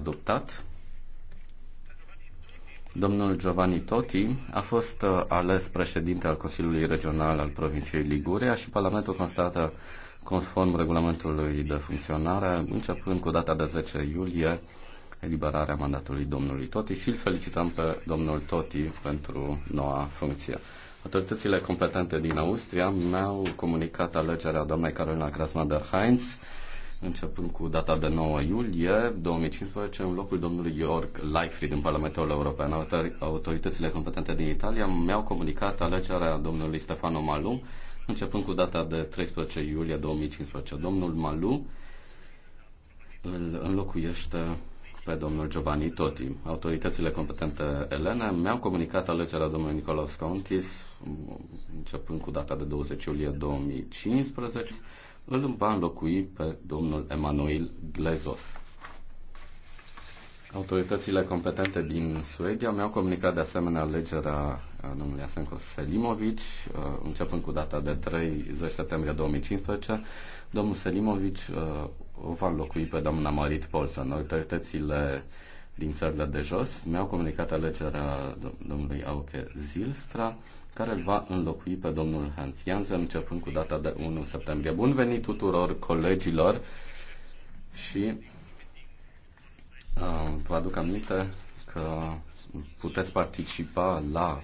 adoptat. Domnul Giovanni Totti a fost uh, ales președinte al Consiliului Regional al Provinciei Liguria și Parlamentul constată conform regulamentului de funcționare, începând cu data de 10 iulie, eliberarea mandatului domnului Toti și îl felicităm pe domnul Toti pentru noua funcție. Autoritățile competente din Austria mi-au comunicat alegerea doamnei Carolina Grasmader heinz începând cu data de 9 iulie 2015, în locul domnului Georg Leichfried în Parlamentul European. Autoritățile competente din Italia mi-au comunicat alegerea domnului Stefano Malu, începând cu data de 13 iulie 2015. Domnul Malu îl înlocuiește pe domnul Giovanni Toti. Autoritățile competente elene mi-au comunicat alegerea domnului Nicolaus Contis, începând cu data de 20 iulie 2015 îl va înlocui pe domnul Emanuel Glezos. Autoritățile competente din Suedia mi-au comunicat de asemenea alegerea uh, domnului Asenko Selimovic, uh, începând cu data de 30 septembrie 2015. Domnul Selimovic uh, o va înlocui pe doamna Marit Polson. Autoritățile din țările de jos. Mi-au comunicat alegerea domnului Auke Zilstra, care îl va înlocui pe domnul Hans Janssen, începând cu data de 1 septembrie. Bun venit tuturor colegilor și uh, vă aduc aminte că puteți participa la